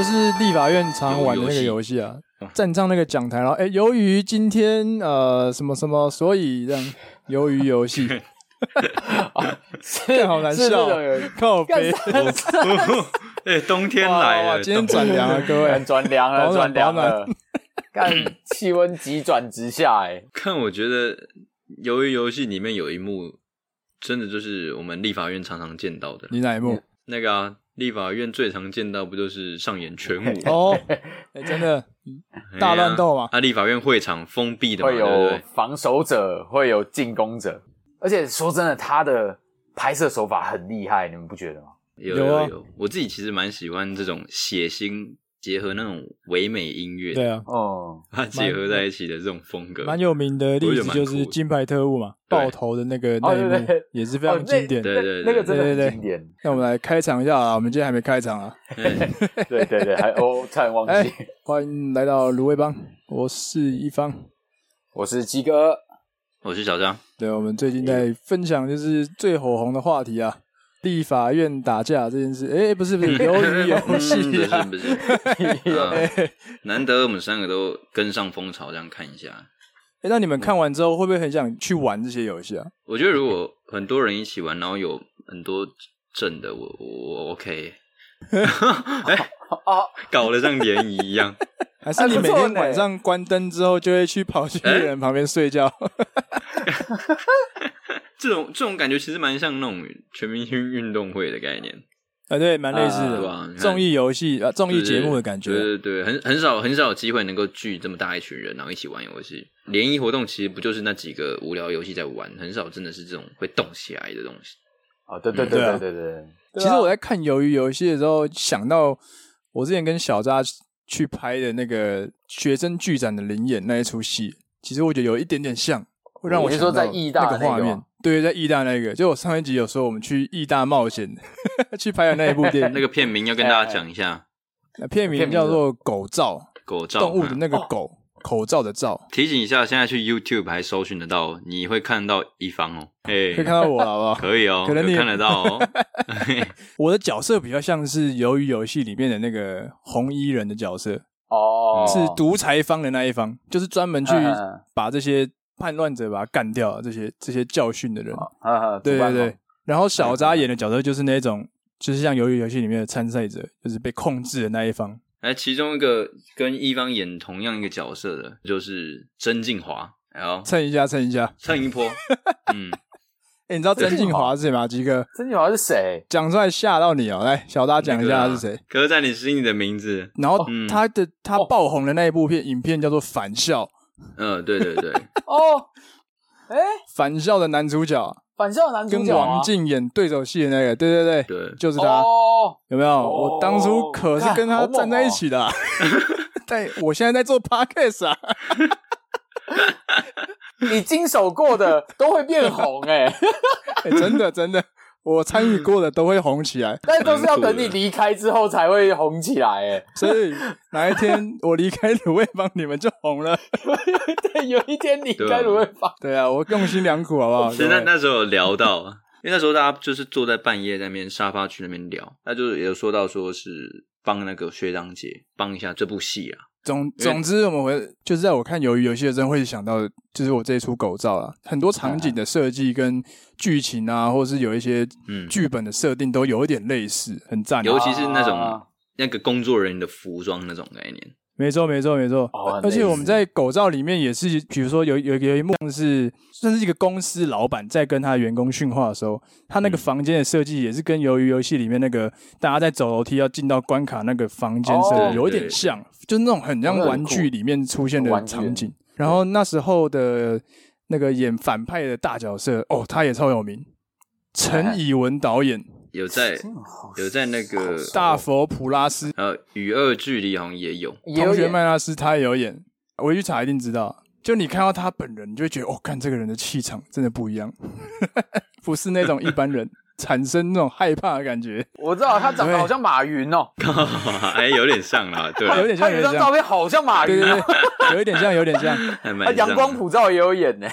就是立法院常玩的那個遊戲啊，嗯、站上那個講台，然後哎，由、欸、於今天呃什麼什麼，所以讓魷魚遊戲 啊，好難笑這，靠我背。哎，冬天來了，今天轉涼、啊、了，各位轉涼了，轉涼了，看氣溫急轉直下、欸，哎，看我覺得魷魚遊戲裡面有一幕，真的就是我們立法院常常見到的。你哪一幕？嗯、那個啊。立法院最常見到不就是上演全武 真的大亂鬥嗎啊，啊立法院會場封閉的嘛，會有防守者對不對，會有進攻者，而且說真的，他的拍攝手法很厲害，你們不覺得嗎？有有有，我自己其實蠻喜歡這種血腥。結合那種唯美音樂，對啊，哦、嗯，它結合在一起的這種風格，蠻有名的例子就是《金牌特務》嘛，爆頭的那個那一幕、哦、對對對也是非常經典、哦對對對，對對對，那個真的經典。那我們來開場一下啊，我們今天還沒開場啊，嘿嘿 對對對，還哦，差點忘記、欸、歡迎來到魯味幫，我是一方，我是基哥，我是小張，對，我們最近在分享就是最火紅的話題啊。立法院打架這件事，哎、欸，不是，不是、 啊嗯，不是，遊戲，不是，不 是、啊，難得我們三個都跟上風潮，這樣看一下。哎、欸，那你們看完之後會不會很想去玩這些遊戲啊？我覺得如果很多人一起玩，然後有很多正的，我我，我 OK。哎 哦、欸， 搞得像聯誼一樣，還是你每天晚上關燈之後就會去跑去別人旁邊睡覺？欸 這種這種感覺其實蠻像那種全明星運動會的概念啊，對，蠻類似的。綜藝遊戲啊，綜藝節目的感覺，對對，對，對，很很少很少有機會能夠聚這麼大一群人，然後一起玩遊戲。聯、嗯、誼活動其實不就是那幾個無聊遊戲在玩，很少真的是這種會動起來的東西。啊，對對對、嗯、對、啊、對對、啊。其實我在看《魷魚遊戲》的時候、啊，想到我之前跟小扎去拍的那個《學生劇展》的靈演那一出戲，其實我覺得有一點點像。會讓我先說在意大的那畫面，對，在意大那個，就我上一集有說我們去意大冒險， 去拍的那一部電影， 那個片名要跟大家講一下，那片名叫做狗《狗罩》。狗罩。動物的那個狗、哦，口罩的罩。提醒一下，現在去 YouTube 還搜尋得到，你會看到一方哦，哎，可以看到我了，好不好？可以哦，可能你看得到哦。 我的角色比較像是《魷魚遊戲》裡面的那個紅衣人的角色哦，是獨裁方的那一方，就是專門去把這些。叛亂者把他幹掉了，這些這些教訓的人，對對對。然後小扎演的角色就是那種，就是像《魷魚遊戲》裡面的參賽者，就是被控制的那一方。哎、欸，其中一個跟一方演同樣一個角色的，就是曾敬驊。好，蹭一下，蹭一下，蹭一波。 嗯、欸，你知道曾敬驊是誰嗎？基哥，曾敬驊是誰？講出來嚇到你哦！來，小扎講一下他是誰？刻、那個、在你心裡的名字。然後、嗯、他的他爆紅的那一部片、哦、影片叫做《返校》。嗯，對對對。 哦，哎，《返校》的男主角，返校的男主角跟王淨演對手戲的那個，啊、對對對，對就是他，哦、有沒有、哦？我當初可是跟他站在一起的、啊，哦、 但我現在在做 Podcast 啊。 你經手過的都會變紅、欸，哎， 真的真的。我參與過的都會紅起來、嗯，但都是要等你離開之後才會紅起來。誒所以哪一天 我離開魯味幫，你們就紅了。 對，有一天你離開魯味幫。對啊，我用心良苦，好不好？ 是那那時候有聊到，因為那時候大家就是坐在半夜在那邊沙發區那邊聊，那就是也有說到，說是幫那個學長姐幫一下這部戲啊。總總之，我們會就是在我看魷魚遊戲的時候，會想到就是我這一出狗照啊，很多場景的設計跟劇情啊，或者是有一些劇本的設定都有一點類似，很讚啊，尤其是那種那個工作人員的服裝那種概念。沒錯，沒錯，沒錯、oh, nice. 而且我們在狗照裡面也是，比如說有有有一幕是，算是一個公司老板在跟他的員工訓話的時候，他那個房間的設計也是跟《魷魚遊戲》裡面那個大家在走樓梯要進到關卡那個房間是、oh, 有點像，就是、那種很像玩具裡面出現的場景、嗯。然後那時候的那個演反派的大角色，哦，他也超有名，陳以文導演。有在，有在那個大佛普拉斯，呃、哦，與惡距離好像也有。也有同學麥娜絲他也有演，我去查一定知道。就你看到他本人，你就會覺得哦，幹，這個人的氣場真的不一樣， 不是那種一般人 產生那種害怕的感覺。我知道他長得好像馬雲哦、喔，哎 欸，有點像啦，對，有點像。他有張照片好像馬雲，對對對，有一點像，有點像。他陽光普照也有演呢，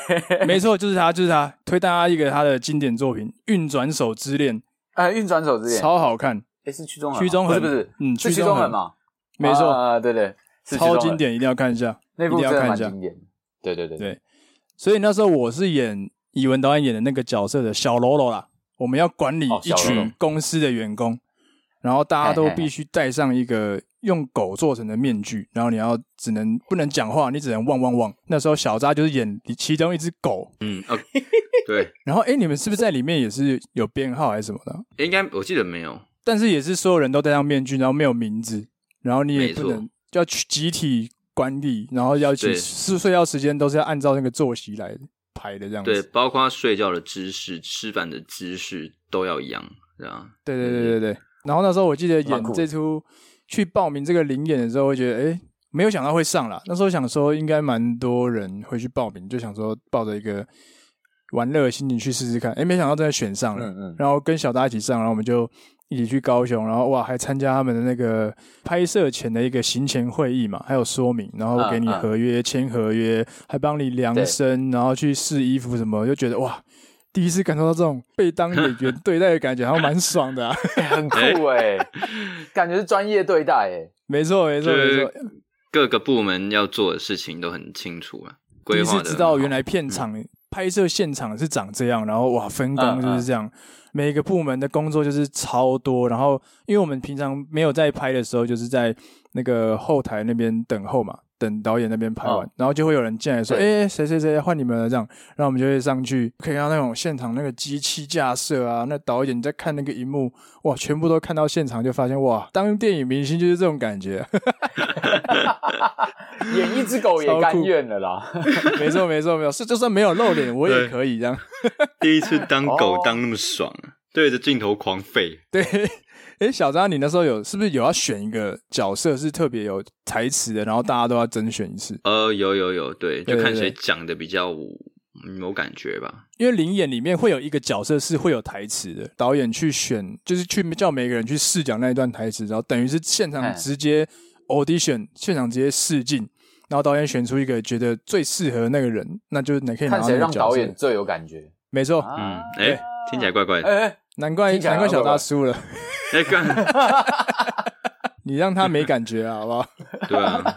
沒錯，就是他，就是他，推大家一個他的經典作品《運 轉手之戀》。哎、啊，運轉手之也。超好看。哎，是屈中恆，屈中恆是不是？嗯，屈中恆嘛、嗯，沒錯，啊、對對，超經典，一定要看一下，那部真的蠻經典。對對對對,對，所以那時候我是演以文導演演的那個角色的小嘍囉啦，我們要管理一群公司的員工，哦、然後大家都必須戴上一個。嘿嘿嘿用狗做成的面具，然後你要只能不能講話，你只能汪汪汪。那時候小扎就是演其中一只狗。嗯，okay, 對。 然後哎、欸，你們是不是在裡面也是有編號還是什麼的？欸、應該我記得沒有，但是也是所有人都戴上面具，然後沒有名字，然後你也不能就要集體管理，然後要是睡覺時間都是要按照那個作息來排的這樣子。對，包括睡覺的姿勢、吃飯的姿勢都要一樣，對吧？對對對對對。然後那時候我記得演這出。去報名這個零演的時候，會覺得哎，沒有想到會上啦。那時候想說應該蠻多人會去報名，就想說抱着一個玩樂的心情去試試看。哎，沒想到真的選上了，嗯嗯、然後跟小達一起上，然後我們就一起去高雄，然後哇，還參加他們的那個拍攝前的一個行前會議嘛，還有說明，然後給你合約、嗯嗯、簽合約，還幫你量身，然後去試衣服什麼，就覺得哇。第一次感受到這種被當演員對待的感覺， 還蠻爽的、啊。 欸，很酷誒、欸。 感覺是專業對待、欸，誒。沒錯沒錯沒錯，就是、各個部門要做的事情都很清楚啊。規劃的很好。你是知道原來片場拍攝現場是長這樣、嗯，然後哇，分工就是這樣，嗯嗯、每個部門的工作就是超多。然後，因為我們平常沒有在拍的時候，就是在那個後台那邊等候嘛。等導演那邊拍完，啊，然後就會有人進來說：“哎，誰誰誰換你們了。”這樣，然後我們就會上去，可以看到那種現場那個機器架設啊，那導演在看那個熒幕，哇，全部都看到現場，就發現哇，當電影明星就是這種感覺。哈哈哈哈哈哈哈，演一隻狗也甘願了啦， 沒錯沒錯，沒有，是就算沒有露臉，我也可以這樣。第一次當狗，哦，當那麼爽，對着鏡頭狂吠。對。哎，小張，你那時候有是不是有要選一個角色是特別有台詞的，然後大家都要甄選一次？呃，有有有，對，對就看誰講的比較有感覺吧。因為《靈眼》裡面會有一個角色是會有台詞的，導演去選，就是去叫每個人去試講那一段台詞，然後等於是現場直接 audition，現場直接試鏡，然後導演選出一個覺得最適合那個人，那就是你可以個看誰讓導演最有感覺。沒錯，啊、嗯，哎，聽起來怪怪的，哎。難怪、啊、難怪小大輸了，欸、 你讓他沒感覺啊，好不好？對啊，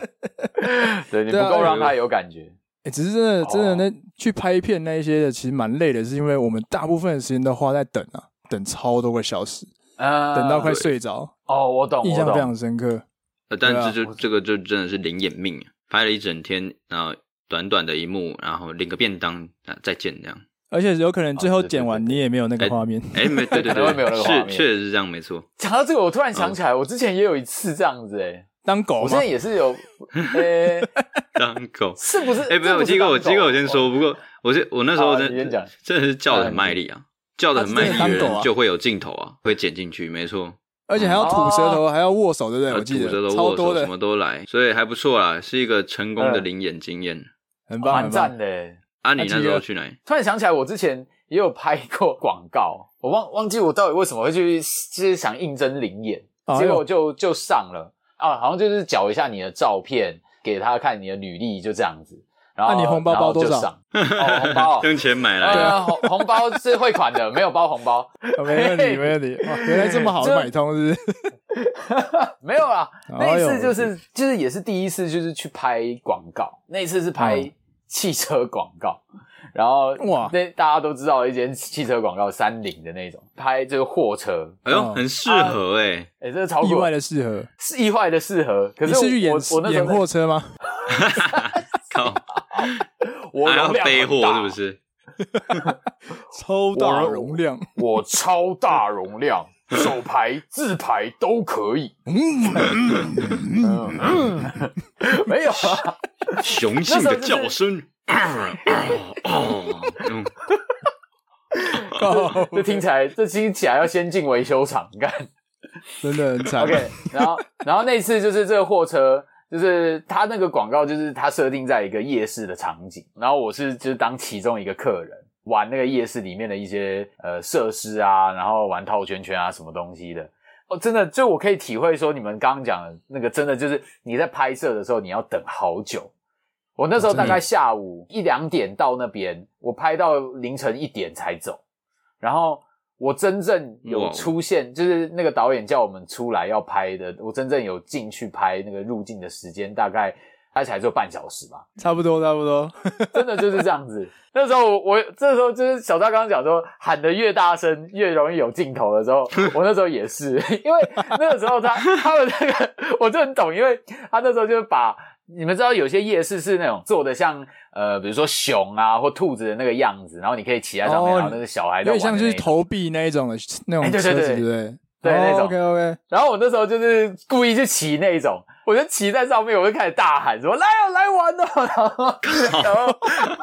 對你不夠讓他有感覺。誒、啊欸、只是真的真的那、哦、去拍片那一些的，其實蠻累的，是因為我們大部分的時間都花在等啊，等超多個小時啊、呃，等到快睡着。哦，我懂，印象非常深刻。啊、但是就這個就真的是臨演命啊，拍了一整天，然後短短的一幕，然後領個便當啊，再見這樣。而且有可能最後剪完你也沒有那個畫面、哦，哎，沒、 欸欸、對對對，是確 實是這樣沒，沒錯。講到這個，我突然想起來、嗯，我之前也有一次這樣子、欸，哎，當狗，我現在也是有，哎、 欸，當狗是不是？哎、欸，沒有機構，我機構我，我先說、啊。不過，我我那時候我真真、啊、真的是叫的很賣力啊，啊叫的很賣力的人就會有鏡頭啊，啊，啊，會剪進去，沒錯。而且還要吐舌頭、啊，還要握手，對不對？吐、啊、舌得，舌頭握手，什麼都來，所以還不錯啊，是一個成功的臨演經驗、嗯，很棒、哦、很讚的、欸。阿、啊、你那時候去哪裡啊？突然想起來，我之前也有拍過廣告，我忘忘記我到底為什麼會去，就是想應徵臨演，啊、結果我就、呃、就上了啊，好像就是繳一下你的照片給他看，你的履歷就這樣子，然後、啊、你紅包包就上多少？哦、紅包跟、哦、 錢買來的、嗯？對啊、嗯，紅紅包是匯款的， 沒有包紅包。 沒問題，沒問題。原來這麼好買通，是不是？ 沒有啊，那一次就是就是也是第一次，就是去拍廣告，那一次是拍。嗯汽車廣告，然後哇，那大家都知道一間汽車廣告，三菱的那種，拍這個貨車，哎呦、嗯、很適合哎、欸，哎、啊欸，這是、個、超意外的適合，是意外的適合。可是我你是去演我我那種演貨車嗎？ 我要大貨、啊、是不是？ 超大我容量， 我超大容量， 手牌、自牌都可以。 嗯 沒有啊。啊雄性的叫聲，這、就是 啊啊啊嗯、 聽起來這聽起來要先進維修廠幹，真的很慘、啊。OK，然後然後那次就是這個貨車，就是它那個廣告，就是它設定在一個夜市的場景，然後我是就是當其中一個客人玩那個夜市裡面的一些呃設施啊，然後玩套圈圈啊什麼東西的。哦，真的，就我可以體會說，你們剛剛講的那個，真的就是你在拍攝的時候，你要等好久。我那時候大概下午一兩點到那邊，我拍到凌晨一點才走。然後我真正有出現，嗯，就是那個導演叫我們出來要拍的，我真正有進去拍那個入鏡的時間，大概，開起來做半小時吧，差不多，差不多，真的就是這樣子。 那時候我，這時候就是小趙剛講說，喊得越大聲，越容易有鏡頭的時候，我那時候也是，因為那個時候他，他們那個，我就很懂，因為他那時候就把你們知道，有些夜市是那種做的像呃，比如說熊啊或兔子的那個樣子，然後你可以騎在上面，然後那個小孩，因為像是投幣那一種，那種、欸、對對對對，對 那種 OK OK。然後我那時候就是故意去騎那一種。我就騎在上面，我就開始大喊說：“來啊，來玩啊！”然後，然後，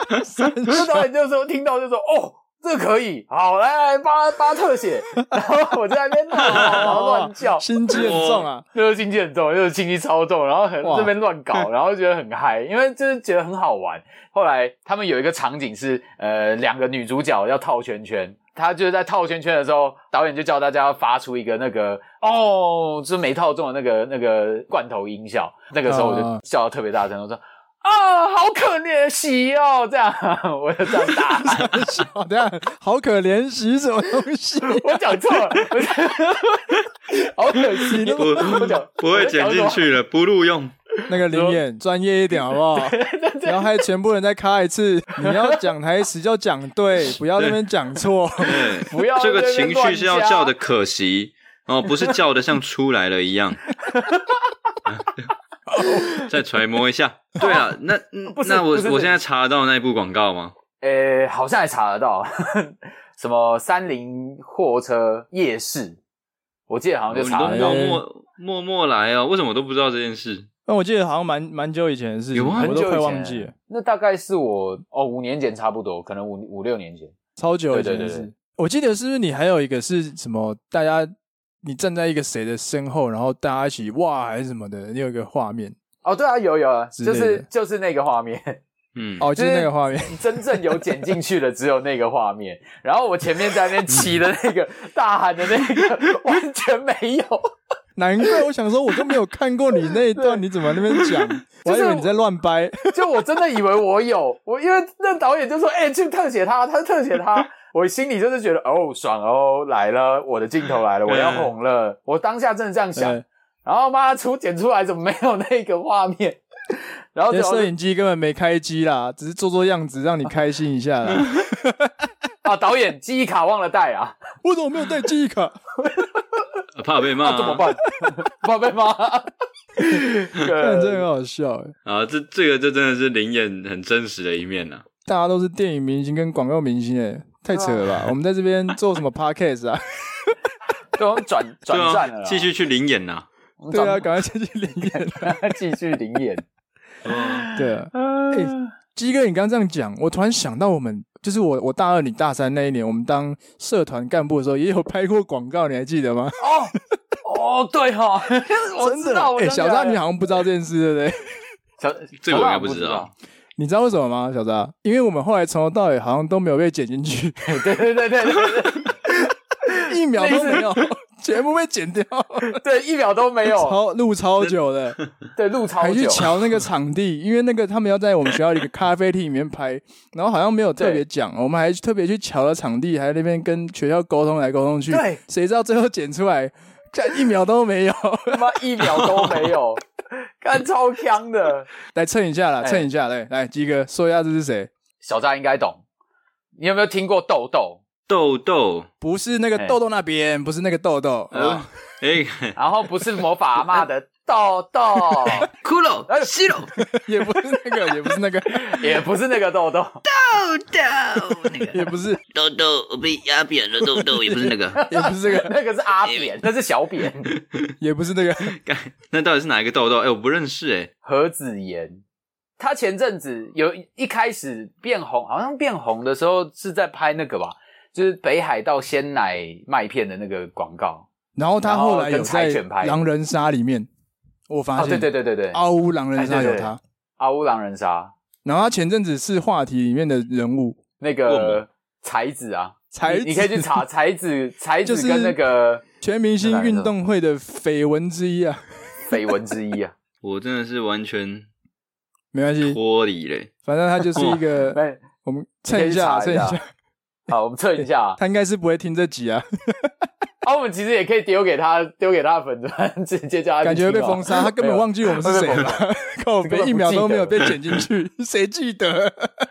然後導演就說：“聽到就說哦，這個、可以好，來來，巴巴特寫。 ”然後我在那邊、哦，然後亂叫，心機很重啊，就、哦、是心機很重，就是心機超重，然後很這邊亂搞，然後覺得很嗨，因為就是覺得很好玩。後來他們有一個場景是，呃，兩個女主角要套圈圈。他就是在套圈圈的時候，導演就叫大家要發出一個那個哦，是沒套中的那個那個罐頭音效，那個時候我就笑得特別大聲，我說。啊、哦，好可憐兮哦，這樣我也這樣打，這 樣好可憐兮什麼東西、啊？ 我講錯了， 好可惜，不不，不會剪進去了，不錄用。那個臨演專業一點好不好？然後還有全部人再卡一次， 你要講台詞就講對，不要在那邊講錯，不要 這個情緒是要叫的可惜， 哦，不是叫的像出來了一樣。 再揣摩一下， 對啊，那 那我我現在查得到那一部廣告嗎？誒、欸，好像還查得到， 什麼三菱貨車夜市，我記得好像就查得到。默默默來啊、喔，為什麼我都不知道這件事？那我記得好像蠻蠻久以前的事情，有我都快忘記了了。那大概是我哦，五年前差不多，可能五五六年前，超久以前。對對對，對，我記得是不是你還有一個是什麼？大家。你站在一個誰的身後，然後大家一起哇還是什麼的，你有一個畫面。哦，對啊，有有，啊，就是就是那個畫面，嗯、就是，哦，就是那個畫面。你真正有剪進去的 只有那個畫面，然後我前面在那邊騎的那個 大喊的那個完全沒有。難怪我想說，我都沒有看過你那一段，你怎麼在那邊講、就是？我還以為你在亂掰。 就我真的以為我有，我因為那導演就說：“哎、欸，去特寫他，他是特寫他。”我心裡就是覺得哦，爽哦，來了，我的鏡頭來了，我要紅了， 我當下真的這樣想。嗯、然後媽，出剪出來怎麼沒有那個畫面？ 然後攝影機根本沒開機啦，只是做做樣子讓你開心一下啦。 啊，導演記憶卡忘了帶啊！我怎麼沒有帶記憶卡？ 啊、怕被罵、啊啊、怎麼辦？ 怕被罵罵、啊？對 真的很好笑哎！啊，這這個就真的是臨演很真實的一面吶、啊。大家都是電影明星跟廣告明星誒、欸太扯了吧！吧 我們在這邊做什麼 podcast 啊？都轉轉轉繼續去臨演吶！對啊，趕快繼續臨演、啊，繼續臨演。對啊，哎、啊，基 臨、 嗯啊嗯欸、哥，你剛剛這樣講，我突然想到，我們就是我我大二、你大三那一年，我們當社團幹部的時候，也有拍過廣告，你還記得嗎？哦、oh! oh, 哦，對 哈真的、 欸，我真的，哎，小張，你好像不知道這件事，對不對？小，這我還不知道。你知道為什麼嗎，小子？因為我們後來從頭到尾好像都沒有被剪進去。 對對對對對，對， 對，一秒都沒有，全部被剪掉。對，一秒都沒有。超錄超久的，對，錄超久。還去瞧那個場地，因為那個他們要在我們學校的一個咖啡廳裡面拍，然後好像沒有特別講，我們還特別去瞧了場地，還在那邊跟學校溝通來溝通去。對，誰知道最後剪出來，這樣一秒都沒有，他媽一秒都沒有。 看 超香鏗的， 來蹭一下啦，欸、蹭一下，來來，基哥說一下這是誰，小扎應該懂。你有沒有聽過豆豆？豆豆不是那個豆豆那邊，不是那個豆豆。欸痘痘哦欸、 然後不是魔法阿媽的。欸豆豆， 骷髏，還西龍？也不是那個，也不是那個， 也不是那個豆豆。豆豆，那個也不是豆豆，我被壓扁了豆豆也，那個 也，也不是那個，不 是那個，那個是阿扁，那是小扁，也不是那個。那到底是哪一個豆豆？哎，欸，我不認識哎、欸。何子妍，他前陣子有一開始變紅，好像變紅的時候是在拍那個吧，就是北海道鮮奶麥片的那個廣告。然後他後來有拍，《狼人殺》裡面。 我發現、哦，對對對對對，阿烏、哎對，對，對，阿烏狼人殺有他，阿烏狼人殺，然後他前陣子是話題裡面的人物，那個才子啊，才子，子，你可以去查才子，才、就是、子跟那個全明星運動會的緋聞之一啊，緋聞之一啊，我真的是完全、欸、沒關係脫離嘞，反正他就是一個，我們蹭一下蹭一下。好，我們測一下啊。欸，他應該是不會聽這集啊。哈哈哈，啊，我們其實也可以丟給他，丟給他的粉鑽，直接叫他。感覺被封殺，他根本忘記我們是誰了。靠，我們一秒都沒有被剪進去，誰記得？哈哈哈，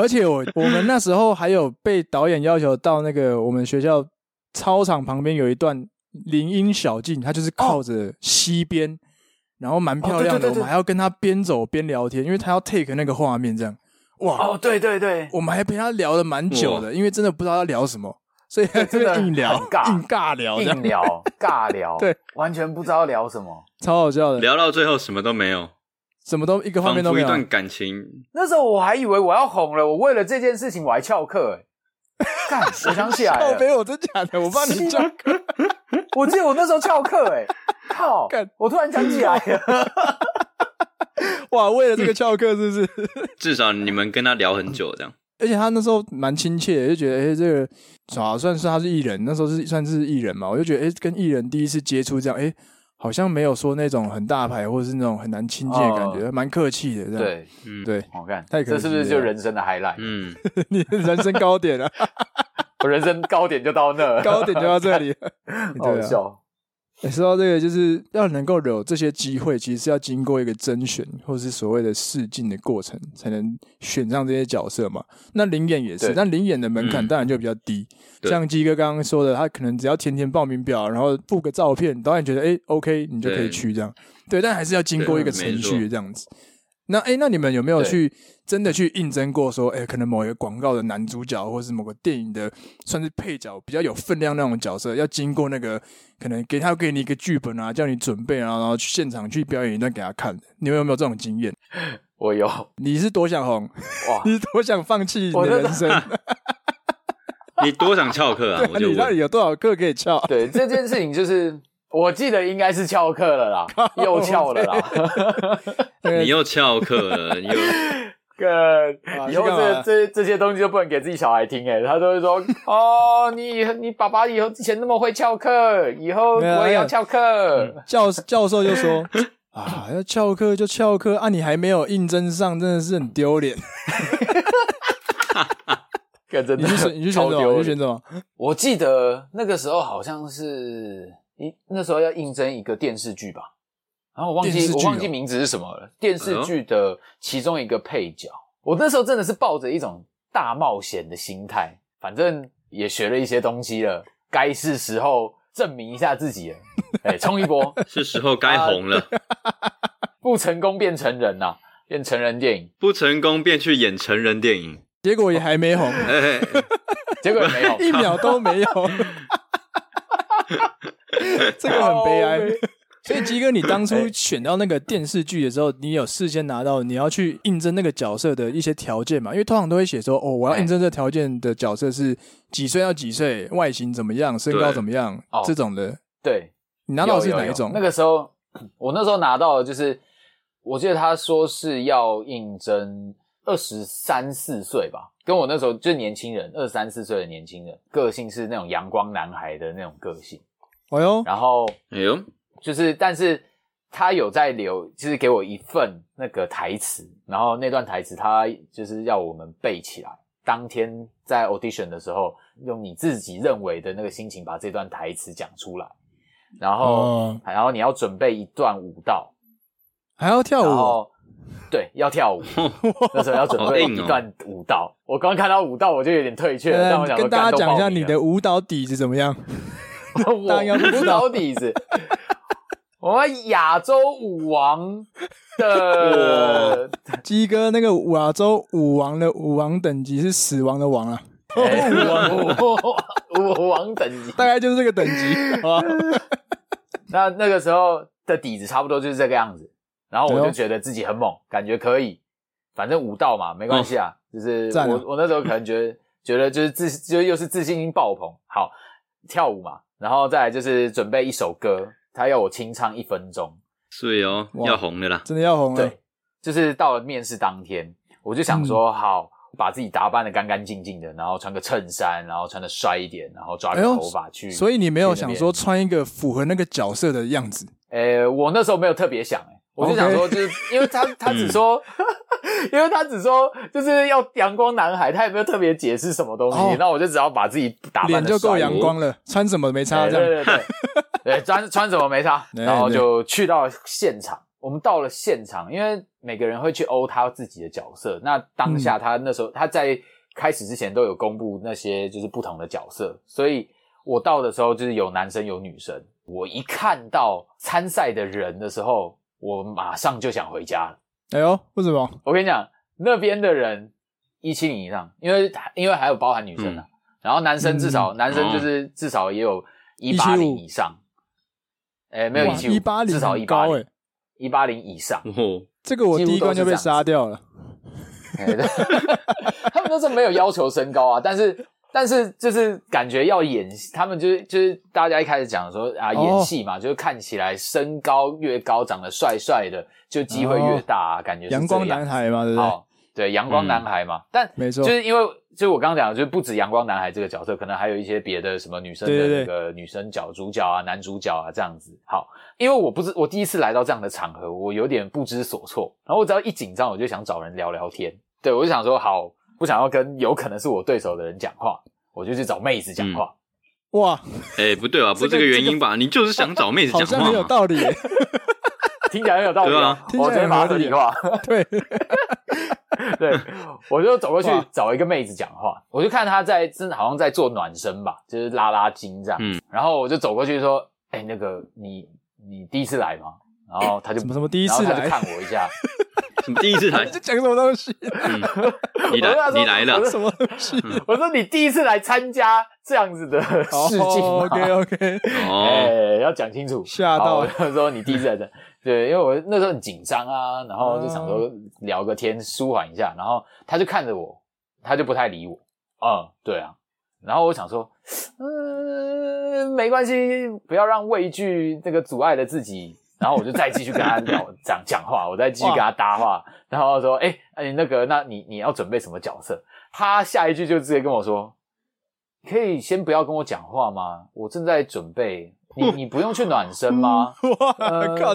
而且我我們那時候還有被導演要求到那個我們學校操場旁邊有一段林蔭小徑，它就是靠着溪邊，然後蠻漂亮的，哦，對對對對。我們還要跟他邊走邊聊天，因為他要 take 那個畫面這樣。哇哦，對對對，對，我們還陪他聊了蠻久的，因為真的不知道他聊什麼，所以真的硬聊，硬尬聊，硬聊尬聊， 對，完全不知道聊什麼，超好笑的，聊到最後什麼都沒有，什麼都一個方面都沒有，一段感情。那時候我還以為我要紅了，我為了這件事情我還翹課，欸， 幹，我想起來了，我真假的，我幫你講 我記得我那時候翹課，欸，哎， 靠，我突然想起來了。 哇，為了這個翹課，是不是？至少你們跟他聊很久，這樣。 而且他那時候蠻親切的，就覺得哎、欸，這個啊，算是他是藝人，那時候是算是藝人嘛，我就覺得哎、欸，跟藝人第一次接觸這樣，哎、欸，好像沒有說那種很大牌或者是那種很難親近的感覺，蠻、哦、客氣的這樣對，對，嗯對，好看太可惜了，可這是不是就人生的 highlight？ 嗯， 你人生高點啊，我 人生高點就到那，高點就到這裡 對、啊，好笑。說到這個，就是要能夠有這些機會，其實是要經過一個甄選或是所謂的試鏡的過程，才能選上這些角色嘛。那臨演也是，但臨演的門檻當然就比較低。嗯、像基哥剛剛說的，他可能只要填填報名表，然後附個照片，導演覺得誒 OK，你就可以去這樣，對。對，但還是要經過一個程序這樣子。那哎，那你們有沒有去真的去應徵過說？說哎，可能某一個廣告的男主角，或是某個電影的算是配角，比較有分量那種角色，要經過那個可能給他給你一個劇本啊，叫你準備啊，然後去現場去表演一段給他看。你們有沒有這種經驗？我有。你是多想紅？哇。你是多想放棄你的人生？ 你多想翹課啊？ 啊我就問你，那你有多少課可以翹？對，這件事情就是。 我記得應該是翹課了啦，又翹了啦。你又翹課了，你又呃，以後這這這些東西都不能給自己小孩聽誒，欸，他都會說哦，你你爸爸以後之前那麼會翹課，以後我也要翹課，嗯。教教授就說啊，要翹課就翹課啊，你，啊，你還沒有應徵上，真的是很丟臉。真的，你去選，你去選什麼，我記得那個時候好像是。你那時候要應徵一個電視劇吧，然後我忘記、哦、我忘記名字是什麼了。電視劇的其中一個配角、哦，我那時候真的是抱着一種大冒險的心態，反正也學了一些東西了，該是時候證明一下自己了，哎、 欸，衝一波，是時候該紅了、呃。不成功便成仁吶、啊，變成人電影，不成功便去演成人電影，結果也還沒紅， 結果也沒有， 一秒都沒有。 這個很悲哀。 所以基哥，你當初選到那個電視劇的時候，你有事先拿到你要去應徵那個角色的一些條件嘛？因為通常都會寫說，哦，我要應徵這個條件的角色是幾歲到幾歲，外形怎麼樣，身高怎麼樣這種的。對，你拿到的是哪一種？有有有有？那個時候，我那時候拿到的就是，我記得他說是要應徵二十三四歲吧，跟我那時候就是、年輕人，二十三四歲的年輕人，個性是那種陽光男孩的那種個性。哎呦，然後哎呦，就是，但是他有在留，就是給我一份那個台詞，然後那段台詞他就是要我們背起來，當天在 audition 的時候，用你自己認為的那個心情把這段台詞講出來，然後、哦，然後你要準備一段舞蹈，還要跳舞，然後對，要跳舞， 那時候要準備一段舞蹈？ 我剛看到舞蹈我就有點退卻了，跟大家講一下你的舞蹈底子怎麼樣。 當然要我舞蹈底子 ，我亞洲舞王的基 哥，那個亞洲舞王的舞王等級是死亡的王啊，欸 舞王，舞王舞王等級 大概就是這個等級。 那那個時候的底子差不多就是這個樣子，然後我就覺得自己很猛，感覺可以，反正舞蹈嘛沒關係啊，嗯，就是我，啊，我那時候可能覺得覺得就是自就又是自信心爆棚，好跳舞嘛。然後再來就是準備一首歌，他要我清唱一分鐘，所以哦，要紅的啦，真的要紅的。對，就是到了面試當天，我就想說、嗯、好，把自己打扮的乾乾淨淨的，然後穿個襯衫，然後穿的帥一點，然後抓個頭髮去、哎。所以你沒有想說穿一個符合那個角色的樣子？呃，我那時候沒有特別想、欸，哎，我就想說，就是、okay. 因為他 他只說。嗯 因為他只說就是要陽光男孩，他也沒有特別解釋什麼東西。哦、那我就只要把自己打扮就夠陽光了，嗯，穿什麼沒差。這樣對對對，對、對、對、對，穿穿什麼沒差。 然後就去到現場。我們到了現場，因為每個人會去歐他自己的角色。那當下他那時候、嗯，他在開始之前都有公布那些就是不同的角色，所以我到的時候就是有男生有女生。我一看到參賽的人的時候，我馬上就想回家了。哎呦，為什麼？我跟你講，那邊的人一七零以上，因為因為還有包含女生的、啊嗯。然後男生至少、嗯、男生就是至少也有一八零以上，哎、欸，沒有一七五，至少一八零一八零以上，這個我第一關就被殺掉了， 欸、對 他們都是沒有要求身高啊，但是。但是就是感覺要演，他們就是就是大家一開始講說啊演戲嘛，哦、就是看起來身高越高長得帥帥的，就機會越大啊，啊、哦，感覺陽光男孩嘛，對不對？對、哦、陽光男孩嘛。嗯、但沒錯，就是因為就是我剛剛講的，就是不止陽光男孩這個角色，可能還有一些別的什麼女生的那個女生角主角啊、對對對男主角啊這樣子。好，因為我不知，我第一次來到這樣的場合，我有點不知所措。然後我只要一緊張，我就想找人聊聊天。對，我就想說好。不想要跟有可能是我對手的人講話，我就去找妹子講話、嗯。哇，哎、欸，不對吧、啊？不是這個原因吧？這個這個，你就是想找妹子講話，好像很有， 有道理，聽起來很有道理啊！我這邊把他合理化，對， 對，我就走過去找一個妹子講話，我就看她在，真的好像在做暖身吧，就是拉拉筋這樣。嗯，然後我就走過去說：“哎、欸，那個，你你第一次來嗎？”然後他就什麼，什麼第一次來就看我一下，第一次來在 講什麼東西？嗯？你來你來了什麼東西？嗯？我說你第一次來參加這樣子的試鏡。哦，OK OK。哎、哦，要講清楚。嚇到我，他說你第一次來這。嗯。對，因為我那時候很緊張啊，然後就想說聊個天、嗯、舒緩一下，然後他就看着我，他就不太理我啊、嗯，對啊，然後我想說，嗯，沒關係，不要讓畏懼這個阻礙了自己。 然後我就再繼續跟他聊講講講話，我再繼續跟他搭話。Wow. 然後說：“哎哎，那個，那你你要準備什麼角色？”他下一句就直接跟我說：“可以先不要跟我講話嗎？我正在準備。”你你不用去暖身嗎？我靠！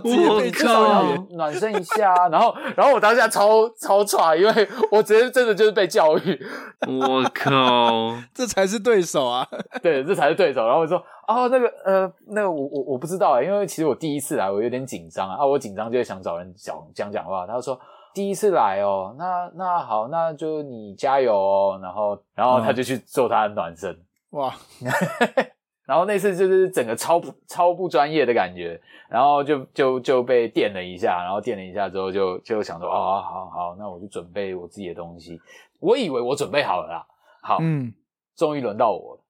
我、呃、靠！暖身一下啊， 然後然後我當下超超喘，因為我直接真的就是被教育。我靠！ 這才是對手啊！對，這才是對手。然後我就說：“哦，那個呃，那個我我我不知道啊，因為其實我第一次來，我有點緊張啊。啊，我緊張就是想找人講講講話。”他說：“第一次來哦，那那好，那就你加油哦。”然後然後他就去做他的暖身。嗯、哇！ 然後那次就是整個超不超不專業的感覺，然後就就就被電了一下，然後電了一下之後就就想說啊、哦，好好，好，那我就準備我自己的東西。我以為我準備好了啦，好，嗯，終於輪到我了。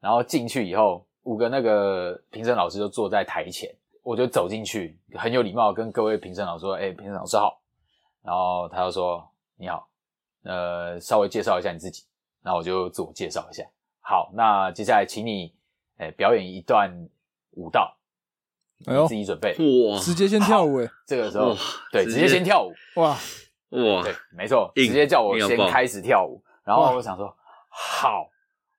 然後進去以後，五個那個評審老師就坐在台前，我就走進去，很有禮貌跟各位評審老師說：“哎，評審老師好。”然後他就說：“你好，呃，稍微介紹一下你自己。”那我就自我介紹一下。好，那接下來請你。欸、表演一段舞蹈，哎呦自己準備哇，直接先跳舞哎，這個時候對，直，直接先跳舞哇哇、呃，對，沒錯，直接叫我先開始跳舞，然後我想說好，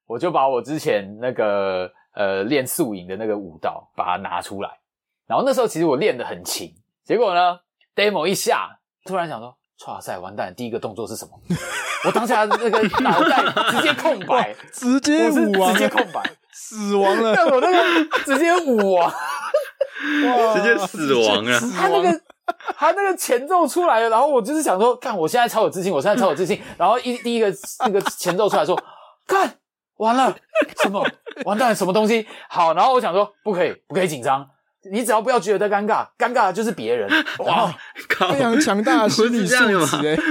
我就把我之前那個呃練素影的那個舞蹈把它拿出來，然後那時候其實我練得很勤，結果呢，demo 一下，突然想說，哇塞，完蛋，第一個動作是什麼？ 我當下那個腦袋直接空白， 直接舞啊直接空白。 死亡了！看我那個直接舞王。哇！直接死亡了。他那個他那個前奏出來了，然後我就是想說，幹，我現在超有自信，我現在超有自信。然後一第一個那個前奏出來說，說幹，完了，什麼？完蛋什麼東西？好，然後我想說，不可以，不可以緊張。你只要不要覺得尷尬，尷尬的就是別人。哇，非常強大的心理素質。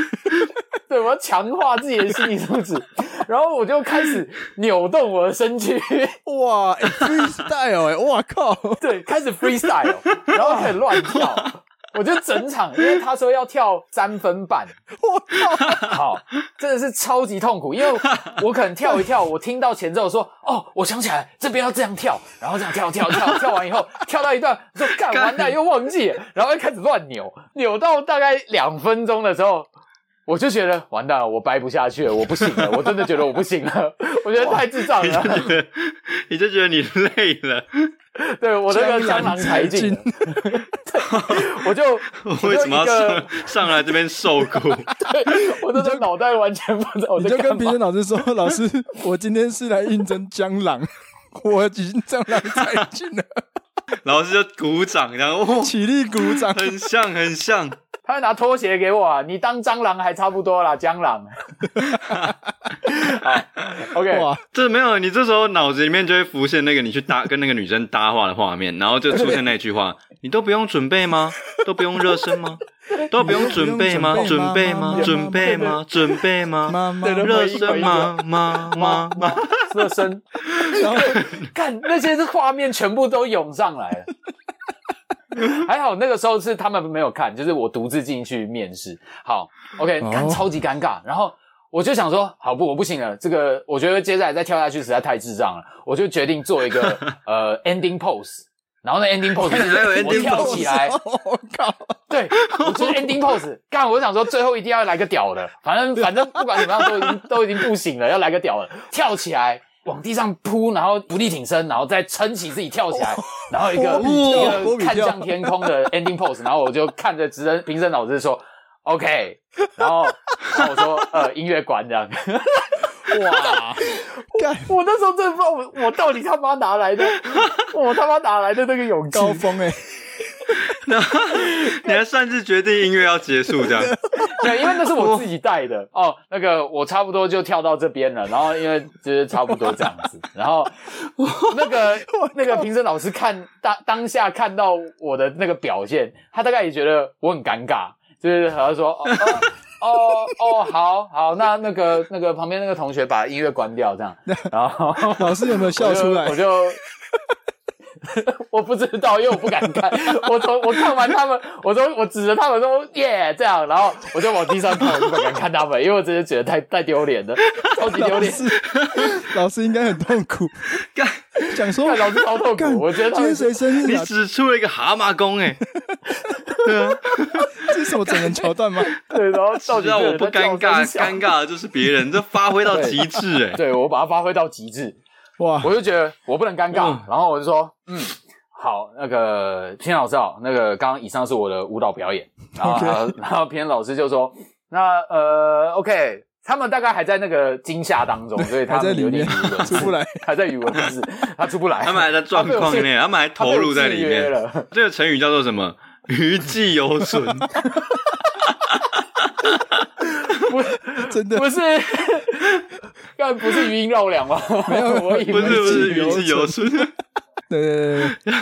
對，我要強化自己的心理素質。然後我就開始扭動我的身軀，哇，哇，freestyle，哇靠， 對，開始 freestyle，然後很亂跳，我覺得整場， 因為他說要跳三分半，我靠，好，哦， 真的是超級痛苦，因為我可能跳一跳， 我聽到前奏說，哦，我想起來這邊要這樣跳，然後這樣跳跳跳，跳完以後，跳到一段說，幹，幹完了又忘記，然後又開始亂扭，扭到大概兩分鐘的時候。我就覺得完蛋了，我掰不下去了，我不行了，我真的覺得我不行了， 我覺得太智障了，你就覺得，你就覺得你累了， 對，我這個蟑螂才盡 我就 我為什麼要上 上來這邊受苦？ 對，我這個腦袋完全不知道我在幹嘛，你，你就跟評審老師說，老師，我今天是來應徵蟑螂， 我已經蟑螂才盡了。 老師就鼓掌，然後起立鼓掌，很像，很像。他要拿拖鞋給我，啊，你當蟑螂還差不多啦，蟑螂。 好 ，OK，這沒有，你這時候腦子裡面就會浮現那個你去搭跟那個女生搭話的畫面，然後就出現那句話。 你都不用準備嗎？都不用熱身嗎？都不用準備嗎？你不用準備嗎？準備嗎？準備嗎？對對對，準備嗎？熱身嗎？媽媽媽熱身，然後，幹 那些畫面全部都湧上來了。 還好那個時候是他們沒有看，就是我獨自進去面試。好，OK，超級尷尬，哦。然後我就想說，好不，我不行了。這個我覺得接下來再跳下去實在太智障了。我就決定做一個呃 ending pose。然後呢，ending pose，我跳起來，我對，我靠，對我說 ending pose，幹，我想說最後一定要來個屌的，反正反正不管怎麼樣，都已經 都已經不行了，要來個屌的，跳起來，往地上撲，然後伏地挺身，然後再撐起自己跳起來，然後一個一個看向天空的 ending pose，然後我就看着直人，評審老師說 ，OK，然後，然後我說呃音樂關，這樣。 哇！我我那時候真的不知道我我到底他媽哪來的，我他媽哪來的那個勇高峰哎、欸， 你還擅自決定音樂要結束這樣子？對，因為那是我自己帶的哦。那個我差不多就跳到這邊了，然後因為就是差不多這樣子。然後那個我那個評審老師看當當下看到我的那個表現，他大概也覺得我很尷尬，就是好像說。哦哦哦哦，好好，那那個那個旁邊那個同學把音樂關掉，這樣， 然後我 老師有沒有笑出來？我就。我就 我不知道，因為我不敢看。 我從我看完他們，我從我指着他們說耶、yeah, 這樣，然後我就往地上看，我就不敢看他們， 因為我真的覺得太太丟臉了，超級丟臉。老師應該很痛苦。幹，想說老師超痛苦。我覺得今天誰生日，你只出了一個蛤蟆功哎、欸啊。這是我整人橋段嗎？對，然後。到底是，只要我不尷尬，尷尬的就是別人，這發揮到極致哎、欸。對，我把它發揮到極致。我就覺得我不能尷尬，然後我就說，嗯，好，那個天老師好、喔，那個剛剛以上是我的舞蹈表演，okay. 然後，然後田老師就說，那呃，OK，他們大概還在那個驚嚇當中，所以他們有點在出不來，無倫還在語文字， 他出不來，他們還在狀況內，他們還投入在裡面，對了這個成語叫做什麼？餘悸猶存。 不是，真的不是，要不是餘音繞梁嗎？沒有 我以為不是遊春。是是是有 對對對，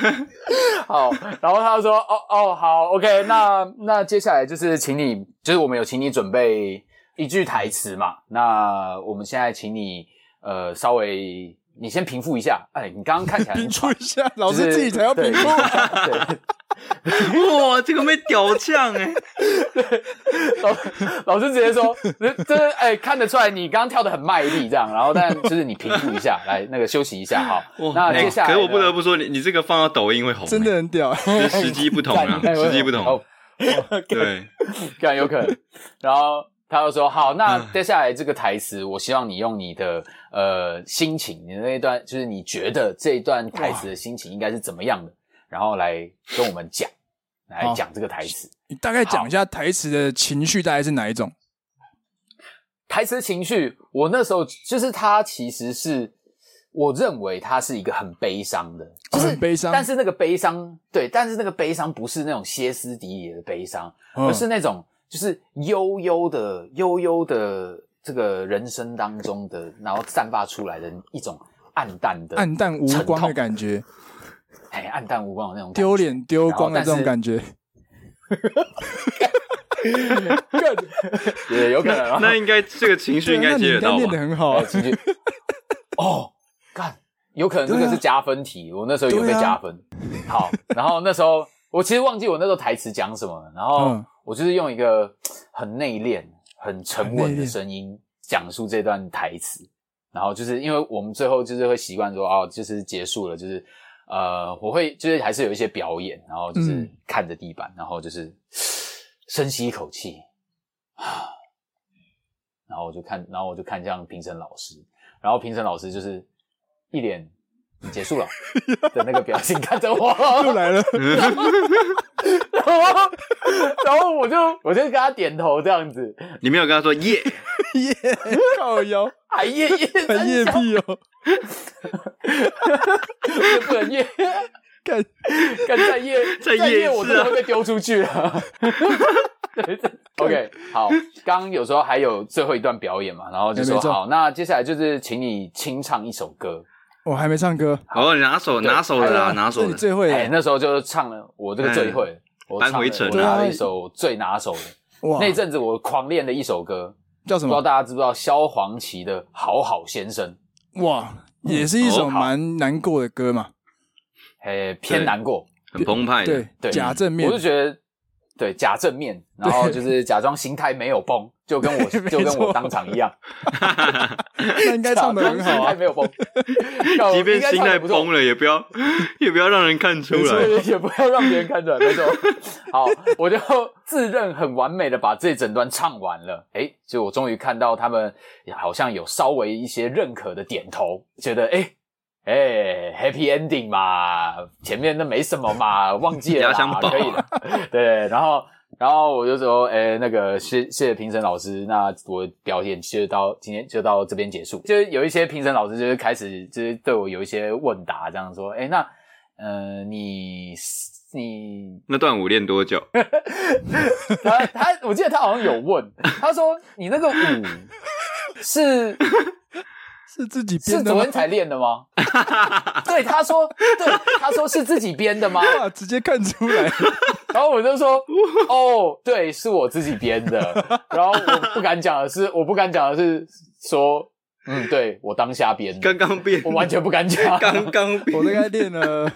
好。然後他說：“哦哦，好，OK 那。那那接下來就是請你，就是我們有請你準備一句台詞嘛。那我們現在請你，呃，稍微你先平復一下。哎，你剛剛看起來很喘，就是，老師自己才要平復啊。對”對 哇，這個被屌嗆哎、欸！老師老師直接說，真哎、欸、看得出來你剛剛跳的很賣力這樣，然後但就是你平復一下， 來那個休息一下哈。那個、接下來，可是我不得不說你，你你這個放到抖音會紅、欸，真的很屌、欸欸時欸欸，時機不同啊，時機不同。欸欸欸不同喔、okay, 對，可能有可能。然後他又說，好，那接下來這個台詞，我希望你用你的呃心情，你的那一段就是你覺得這一段台詞的心情應該是怎麼樣的？然後來跟我們講，來講這個台詞、哦。你大概講一下台詞的情緒大概是哪一種？台詞情緒，我那時候就是他，其實是我認為他是一個很悲傷的，就是、哦、很悲傷。但是那個悲傷，對，但是那個悲傷不是那種歇斯底里的悲傷，而是那種就是悠悠的、悠悠的這個人生當中的，然後散發出來的一種暗淡的、暗淡無光的感覺。哎，黯淡無光的那種，丟臉丟光的這種感覺，也 有可能。啊，那那應該這個情緒應該接得得到吧？念得很好 情緒哦，幹，有可能這個是加分題。啊、我那時候有被加分、啊。好，然後那時候我其實忘記我那時候台詞講什麼了，了然後我就是用一個很內斂、很沉穩的聲音講述這段台詞。然後就是因為我們最後就是會習慣說啊、哦，就是結束了，就是。呃，我會就是還是有一些表演，然後就是看着地板，嗯、然後就是深吸一口氣啊，然後我就看，然後我就看這樣評審老師，然後評審老師就是一臉你結束了的那個表情 看着我，又來了，然後， 然後 然後我就我就跟他點頭這樣子，你沒有跟他說耶耶， yeah, 靠腰。還演演，演，再演屁哦！不能演，再再演再演，我真的會被丟出去了。OK，好，剛剛有時候還有最後一段表演嘛，然後就說好，那接下來就是請你清唱一首歌。我還沒唱歌。好、哦，拿手拿手的啊，拿手的最會、欸。那時候就唱了我這個最會、嗯，我回城、啊、拿了一首最拿手的，哇那陣子我狂練的一首歌。叫什麼？不知道大家知不知道蕭煌奇的《好好先生》，哇，也是一首蠻難過的歌嘛，誒、嗯，欸，偏難過，很澎湃，對對，假正面，我是覺得對，假正面，然後就是假裝心態沒有崩。 就跟我就跟我當場一樣， 應該唱的很好啊，沒有崩。即便心態崩了，也不要也不要讓人看出來，也不要讓別人看出來那種。好，我就自認很完美的把這整段唱完了。誒、欸、就我終於看到他們好像有稍微一些認可的點頭，覺得哎誒、欸欸、happy ending 嘛，前面那沒什麼嘛，忘記了嘛，想可以了。 」對，然後。然後我就說，哎、欸，那個，謝謝評審老師，那我的表演就到今天就到這邊結束。就是、有一些評審老師就是開始就是對我有一些問答，這樣說，哎、欸，那，呃，你你那段舞練多久？ 他他，我記得他好像有問，他說你那個舞是。是自己編的。是昨天才練的嗎？的嗎 對，他說，對，他說是自己編的嗎？啊，直接看出來。然後我就說，哦，對，是我自己編的。然後我不敢講的， 的是，我不敢講的是說，嗯，嗯對我當下編的，剛剛編，我完全不敢講。剛剛編，我那個練了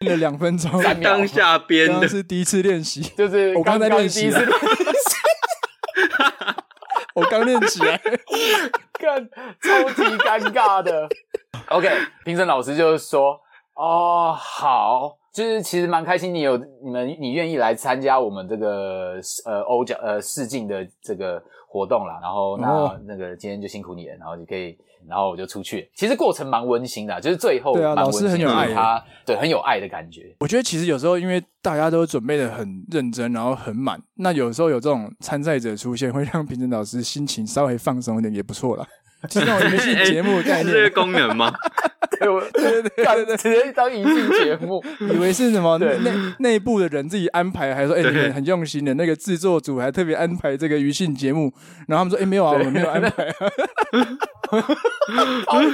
練了兩分鐘，當下編的剛剛是第一次練習，就是剛剛我剛剛在練習。 我剛練起來， 看，超級尷尬的。OK，評審老師就是說，哦，好，就是其實蠻開心，你有你們，你願意來參加我們這個呃歐角呃試鏡的這個。活動了，然後那那個今天就辛苦你了，然後你可以，然後我就出去。其實過程蠻溫馨的，就是最後對啊，老師很有愛他，對，很有愛的感覺。我覺得其實有時候因為大家都準備得很認真，然後很滿，那有時候有這種參賽者出現，會讓評審老師心情稍微放鬆一點，也不錯啦。 其實我們節目的概念、 欸，這些功能嗎？ 哎，我對對對，對， 對對對對，直接當餘興節目，以為是什麼內內 部的人自己安排，還說誒、欸、你們很用心的，那個製作組還特別安排這個餘興節目，然後他們說誒、欸、沒有啊，我們沒有安排、啊。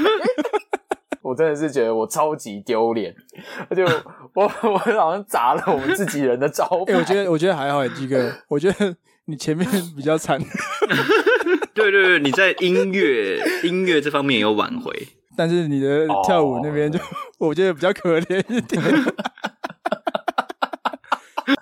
我真的是覺得我超級丟臉，就我我好像砸了我們自己人的招牌。欸、我覺得我覺得還好、欸，基哥，我覺得你前面比較慘 。對對對，你在音樂音樂這方面也有挽回。但是你的跳舞那邊就，我覺得比較可憐一點。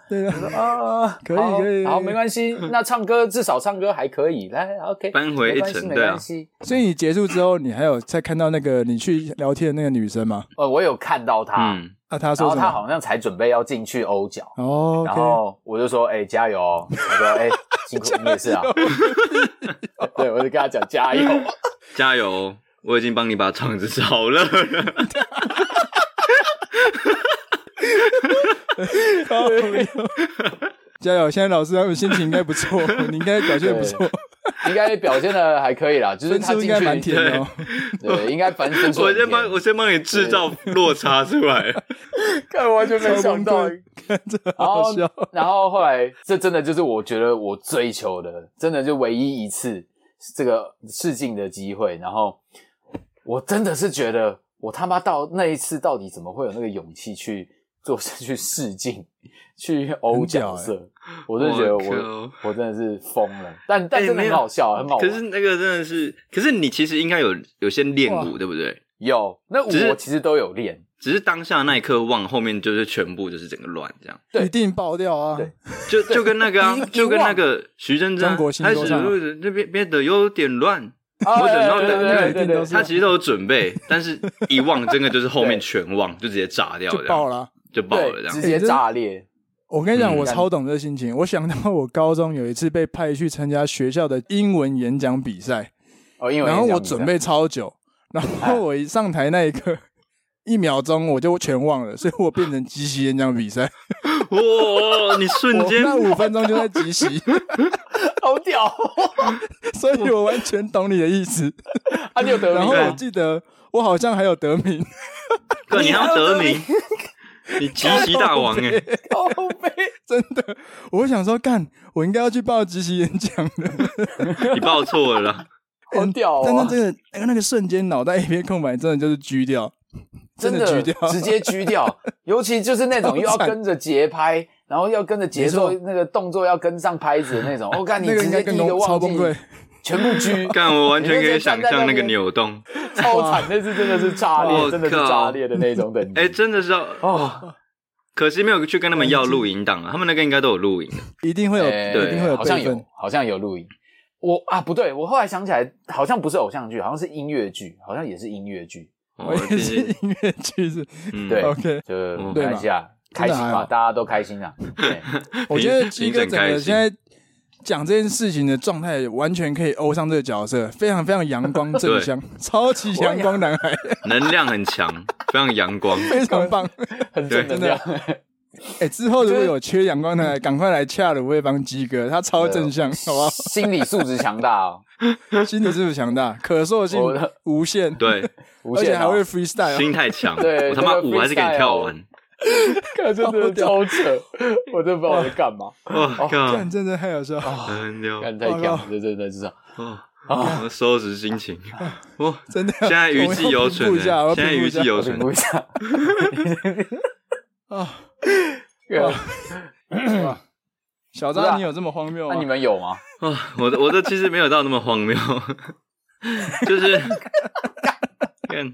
對，我啊，可以可以，好，好，以以好沒關係。那唱歌至少唱歌還可以，來，OK。搬回一程，沒關係沒關係，對、啊、所以你結束之後，你還有再看到那個你去聊天的那個女生嗎？哦、呃，我有看到她，那、嗯、她、啊、說什麼？她好像才準備要進去歐角，哦，然後我就說，哎、欸，加油、哦！我說，哎、欸哦 欸，辛苦你也是啊。 對，我就跟她講加、哦、 加油，加油。我已經幫你把場子燒熱了 對，加油！加油！現在老師他們心情應該不錯，你應該表現得不錯， 應該表現得還可以啦，分數應該蠻甜的。對，應該反。我先幫，我先幫你制造落差出來。看， 完全沒想到，真的然，然後後來，這真的就是我覺得我追求的，真的就唯一一次這個試鏡的機會。然後。我真的是覺得，我他媽到那一次，到底怎麼會有那個勇氣去做去試鏡，去偶角色？欸、我是覺得我我，我真的是瘋了。但但真的很好笑，欸、很好。可是那個真的是，可是你其實應該有有先練舞，對不對？有，那舞我其實都有練，只是當下那一刻忘，後面就是全部就是整個亂這樣。對，一定爆掉啊！對就就跟那個，、啊就跟那個啊，就跟那個徐崢、啊、真，國興，開始那邊變得有點亂。 oh、我等到等，對對對，對對對，他其實都有準備， 但是一忘，真的就是後面全忘， 就直接炸掉了，爆了，就爆了、啊，這樣直接炸裂。我跟，跟你講、嗯，我超懂這個心情、嗯。我想到我高中有一次被派去參加學校的英文演講比賽，哦、然後我準備超久，然後我一上台那一刻。啊 一秒鐘我就全忘了，所以我變成即席演講比賽。哇，你瞬間那五分鐘就在即席， 好屌，喔！所以我完全懂你的意思。 啊，你有得名？然後我記得我好像還有得名、名。你要得名？ 你即席大王哎，欸！ 真的，我想說幹，我應該要去報即席演講的。 你報錯了啦，欸，好屌，喔啊！但那真的，那個瞬間腦袋一片空白，真的就是狙掉。真的,真的直接狙掉， 尤其就是那種又要跟着節拍，然後要跟着節奏，那個動作要跟上拍子的那種。我 看、哦那個、你直接一個忘記，那個、全部狙。看我完全可以想 象那,那個扭動，超慘，那次真的是炸裂、 欸，真的是炸裂的那種等級。哎，真的是哦，可惜沒有去跟他們要錄影檔啊， 他們那個應該都有錄影，一定會有，欸、對好像有一定會有好像有錄影。我啊不對，我後來想起來，好像不是偶像劇，好像是音樂劇，好像也是音樂劇。我也是音樂劇是，對，OK，就看一下，開心吧、啊，大家都開心啊。對，我覺得雞哥整個現在講這件事情的狀態，完全可以歐上這個角色，非常非常陽光正向，超級陽光男孩，能量很強，非常陽光，非常棒， 很正能量。哎、 欸，之後如果有缺陽光男孩，趕、嗯、快來洽的，我會幫雞哥，他超正向，好不好？心理素質強大，哦， 心理素質強大，可塑性無限，對。而且還會 freestyle，、喔、心太強，我他媽舞還是給你跳完，看、欸、真的超扯，我真的不知道我在幹嘛。哇，真的很有時笑，太屌，真的知道。啊，我們收拾心情，哇，真的、啊，現在餘悸猶存現在餘悸猶存，啊，哇，小張、啊，你有這麼荒謬？那你們有嗎？啊，我的我的其實沒有到那麼荒謬，就是。跟，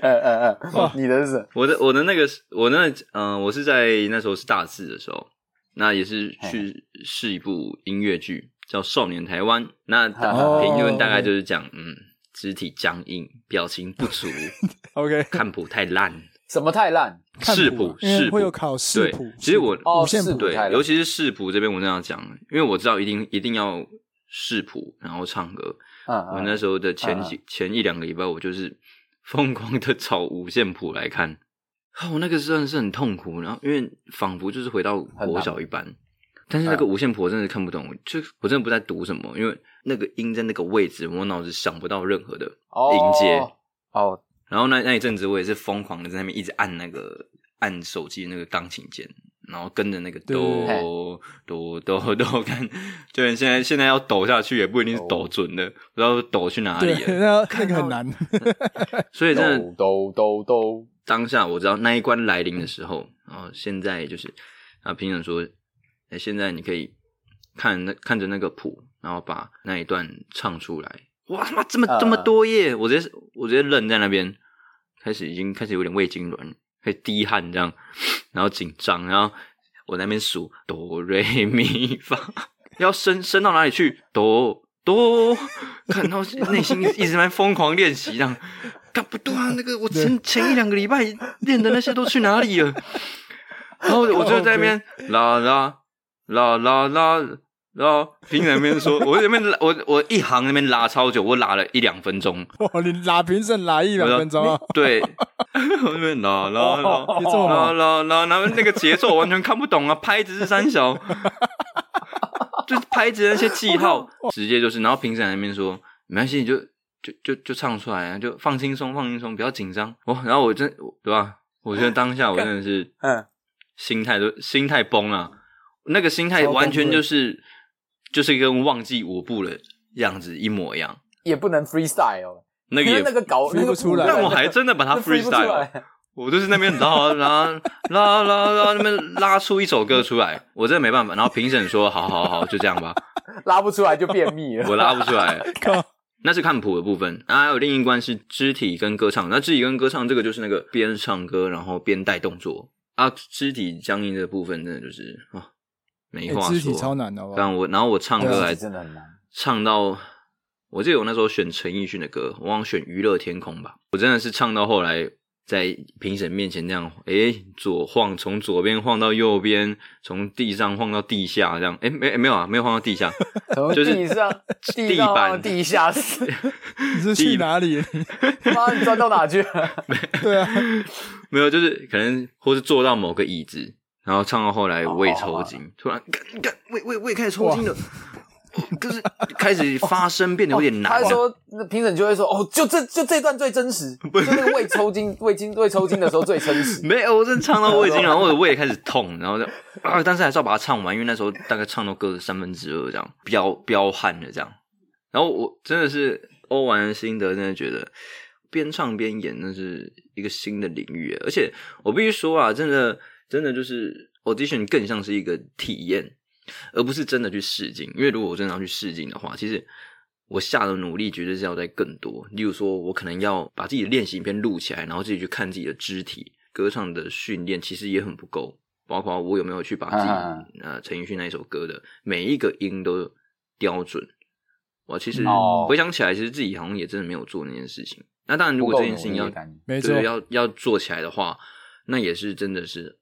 呃呃呃，你的意思？我的我的那個，我那嗯、呃，我是在那時候是大四的時候，那也是去試一部音樂劇，hey. 叫《少年台灣》。那大，評、oh, 論、hey, okay. 大概就是講，嗯，肢體僵硬，表情不足。OK，看譜太爛， 什麼太爛？視譜視譜會有考試譜，其實我哦視對，尤其是視譜這邊我那樣講，因為我知道一定一定要視譜，然後唱歌。我那時候的前幾、嗯嗯嗯、前一兩個禮拜，我就是瘋狂的找五線譜來看，我、oh, 那個算是很痛苦，然後因為仿佛就是回到國小一般，但是那個五線譜我真的看不懂，嗯、我就我真的不在讀什麼，因為那個音在那個位置，我腦子想不到任何的音階哦。然後那那一陣子，我也是瘋狂的在那邊一直按那個按手機那個鋼琴鍵。然後跟着那個抖抖抖抖看，就連現在現在要抖下去也不一定是抖準的，不知道抖去哪裡了，對啊、看那肯、個、很難。所以真的抖抖抖當下，我知道那一關來臨的時候，嗯、然後現在就是啊，評審說，哎、欸，現在你可以看那看着那個譜，然後把那一段唱出來。哇，他媽這麼這麼多頁、啊，我直接我直接愣在那邊，開始已經開始有點胃痙攣。會滴汗這樣，然後緊張，然後我在那邊數哆來咪發，要升升到哪裡去？哆哆，然後內心一直在瘋狂練習這樣。啊， 不對啊，那個我前前一兩個禮拜練的那些都去哪裡了？ 然後我就在那邊 啦啦啦啦啦。然後評審那邊說：“我那邊我我一行那邊拉超久，我拉了一兩分鐘。哦、你拉評審拉一兩分鐘，對， 我那邊拉拉拉拉，拉拉拉，然後那個節奏我完全看不懂啊， 拍子是三小， 就是拍子的那些記號 直接就是。然後評審那邊說：‘沒關係，你就就就就唱出來啊，就放輕鬆，放輕鬆，不要緊張。’哦，然後我真，對吧？我覺得當下我真的是心態、哦心態，嗯，心態都心態崩了，那個心態完全就是。”就是跟忘記舞步的樣子一模一樣，也不能 freestyle，那個因為那個搞不、那個、出來。但我還真的把它 freestyle，、那個那個、free 我就是那邊拉， 拉，拉拉拉拉拉那邊拉出一首歌出來，我真的沒辦法。然後評審說， 好，好，好，就這樣吧。拉不出來就便秘了。我拉不出來， 那是看譜的部分。啊，還有另一關是肢體跟歌唱。那肢體跟歌唱這個就是那個邊唱歌然後邊帶動作啊，肢體僵硬的部分真的就是啊。沒話說，欸、肢體超難的吧。但我然後我唱歌還真的很難，唱到我記得我那時候選陳奕迅的歌，我忘了選《娛樂天空》吧。我真的是唱到後來，在評審面前這樣，誒、欸，左晃，從左邊晃到右邊，從地上晃到地下，這樣，誒、欸，沒、欸欸、沒有啊，沒有晃到地下，你、就是要地板地,到地下室， 你是去哪裡？媽，你鑽到哪去了？了？對啊，沒有，就是可能或是坐到某個椅子。然後唱到後來胃抽筋，oh, oh, oh, oh. 突然，幹胃胃胃開始抽筋了，就、wow. 哦、是開始發聲變得有點難了。Oh, oh, 他說：“那評審就會說，哦，就這就這段最真實， 就那個胃抽筋、 胃筋胃抽筋的時候最真實。”沒有，我真唱到胃痙，然後我的胃也開始痛， 然後就啊，但是還是要把它唱完，因為那時候大概唱到歌的三分之二這樣，彪彪悍的這樣。然後我真的是歐玩的心得，真的覺得邊唱邊演那是一個新的領域，而且我必須說啊，真的。真的就是 audition 更像是一個體驗，而不是真的去試鏡。因為如果我真的要去試鏡的話，其實我下的努力絕對是要再更多。例如說，我可能要把自己的練習影片錄起來，然後自己去看自己的肢體，歌唱的訓練其實也很不夠。包括我有沒有去把自己呃陳奕迅那一首歌的每一個音都標準。我其實回想起來，其實自己好像也真的沒有做那件事情。那當然，如果這件事情要對要要做起來的話，那也是真的是。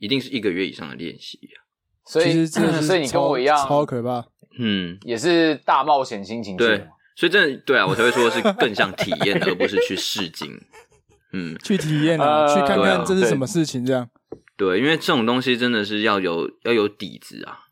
一定是一個月以上的練習啊，所以，所以你跟我一樣，超可怕，嗯，也是大冒險心情，對，所以這，對啊，我才會說是更像體驗，而不是去試鏡， 嗯，去體驗啊、呃，去看看這是什麼事情這樣、呃對，對，因為這種東西真的是要有要有底子啊，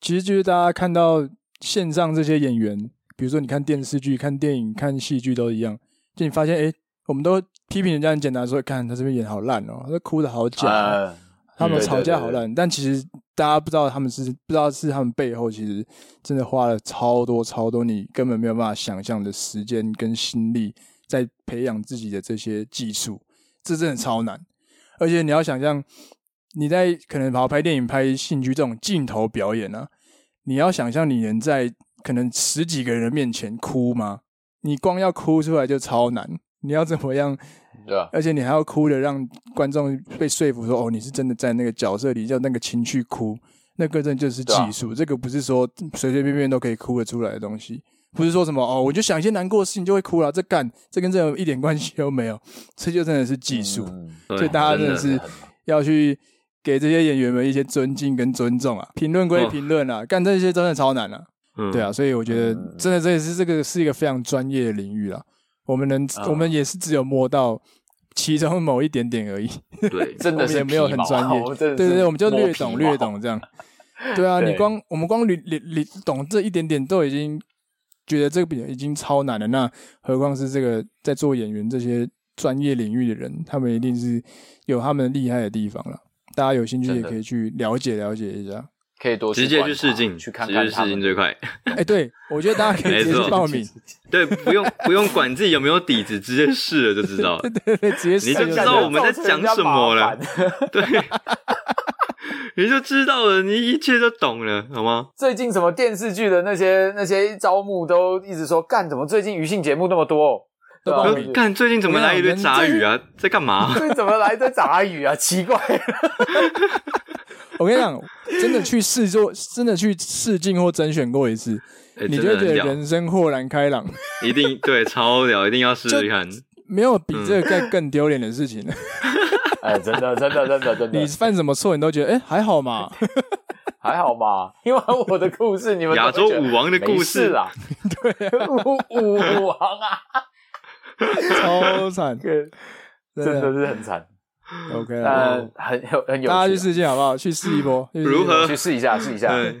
其實就是大家看到線上這些演員，比如說你看電視劇、看電影、看戲劇都一樣，就你發現，哎、欸，我們都批評人家很簡單，說看他這邊演好爛哦、喔，他哭得好假、喔。呃他們吵架好爛。對對對對，但其實大家不知道，他們是不知道，是他們背後其實真的花了超多超多你根本沒有辦法想象的時間跟心力在培養自己的這些技術，這真的超難。而且你要想象你在可能跑拍電影、拍戲劇這種鏡頭表演呢、啊，你要想象你能在可能十幾個人面前哭嗎？你光要哭出來就超難。你要怎麼樣？對啊，而且你還要哭的，讓觀眾被說服說：“哦，你是真的在那個角色裡，叫那個情緒哭，那個真的就是技術。這個不是說隨隨便便都可以哭得出來的東西，不是說什麼哦，我就想一些難過的事情就會哭了。這干這跟這一點關係都沒有，這就真的是技術。所以大家真的是要去給這些演員們一些尊敬跟尊重啊。評論歸評論啊，幹這些真的超難啊。對啊，所以我覺得真的這也是這個是一個非常專業的領域了。”我們能，啊、我們也是只有摸到其中某一點點而已，對。對， 真的是也沒有很專業。對對對，我們就略懂略懂這樣。對啊，你光我們光理理理懂這一點點，都已經覺得這個比已經超難了。那何況是這個在做演員這些專業領域的人，他們一定是有他們厲害的地方了。大家有興趣也可以去了解了解一下。可以直接去試鏡，去看，直接去試鏡最快。哎、欸，對，我覺得大家可以直接報名，對，不用不用管自己有沒有底子，直接試了就知道了。 對，對，對，直接、就是、你就知道我們在講什麼了。對， 你就知道了，你一切都懂了，好嗎？最近什麼電視劇的那些那些招募，都一直說幹，幹，怎麼最近餘興節目那麼多？對幹，最近怎麼來一堆雜魚啊？在幹嘛？這怎麼來的雜魚啊？奇怪。 我跟你講，真的去試做，真的去試鏡或甄選過一次，欸、你就覺得人生豁然開朗。 一定對，超屌，一定要試看，試試試看。沒有比這個更更丟臉的事情了。哎、 欸，真的，真的，真的，真的。你犯什麼錯，你都覺得哎、欸，還好嘛， 還好吧？因為我的故事，你們亞洲舞王的故事 對啊，對， 舞舞王啊， 超慘，真的是很慘。OK，、呃、很有很有趣，大家去試一下好不好？去試一波，如何？去試一下， 試一下對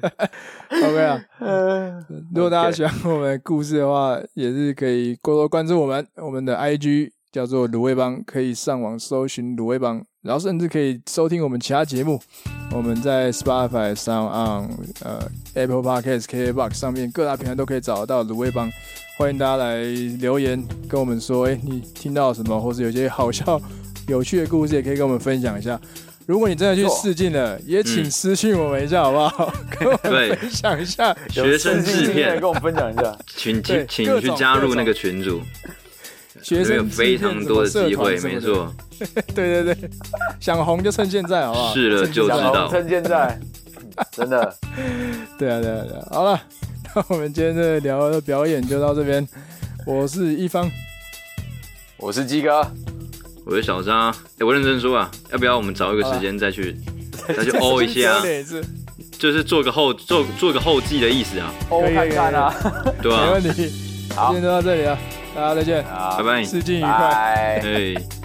okay,、呃。OK 如果大家喜歡我們的故事的話，也是可以過多多關注我們。我們的 IG 叫做滷味幫，可以上網搜尋滷味幫，然後甚至可以收聽我們其他節目。我們在 Spotify、Sound On 呃 Apple Podcasts、KBox 上面各大平台都可以找得到滷味幫。歡迎大家來留言跟我們說，誒你聽到什麼，或是有些好笑。有趣的故事也可以跟我們分享一下。如果你真的去試鏡了，也請私訊我們一下，好不好？跟我們分享一下學生製片，跟我們分享一下，請去請去加入那個群組，沒有非常多的機會，沒錯。 對對對， 想紅就趁現在，好不好？是了，就知道趁現在。 真的， 對啊對啊對啊。好了，那我們今天的聊的表演就到這邊。我是一方，我是基哥。我是小張，啊，欸，我認真說啊，要不要我們找一個時間再去再去哦、oh、一下、啊？ 就是做個後做做個後記的意思啊。可以，可以看看啊， 對啊，沒問題。好，今天就到這裡了，大家再見，拜拜，四季愉快，Bye 欸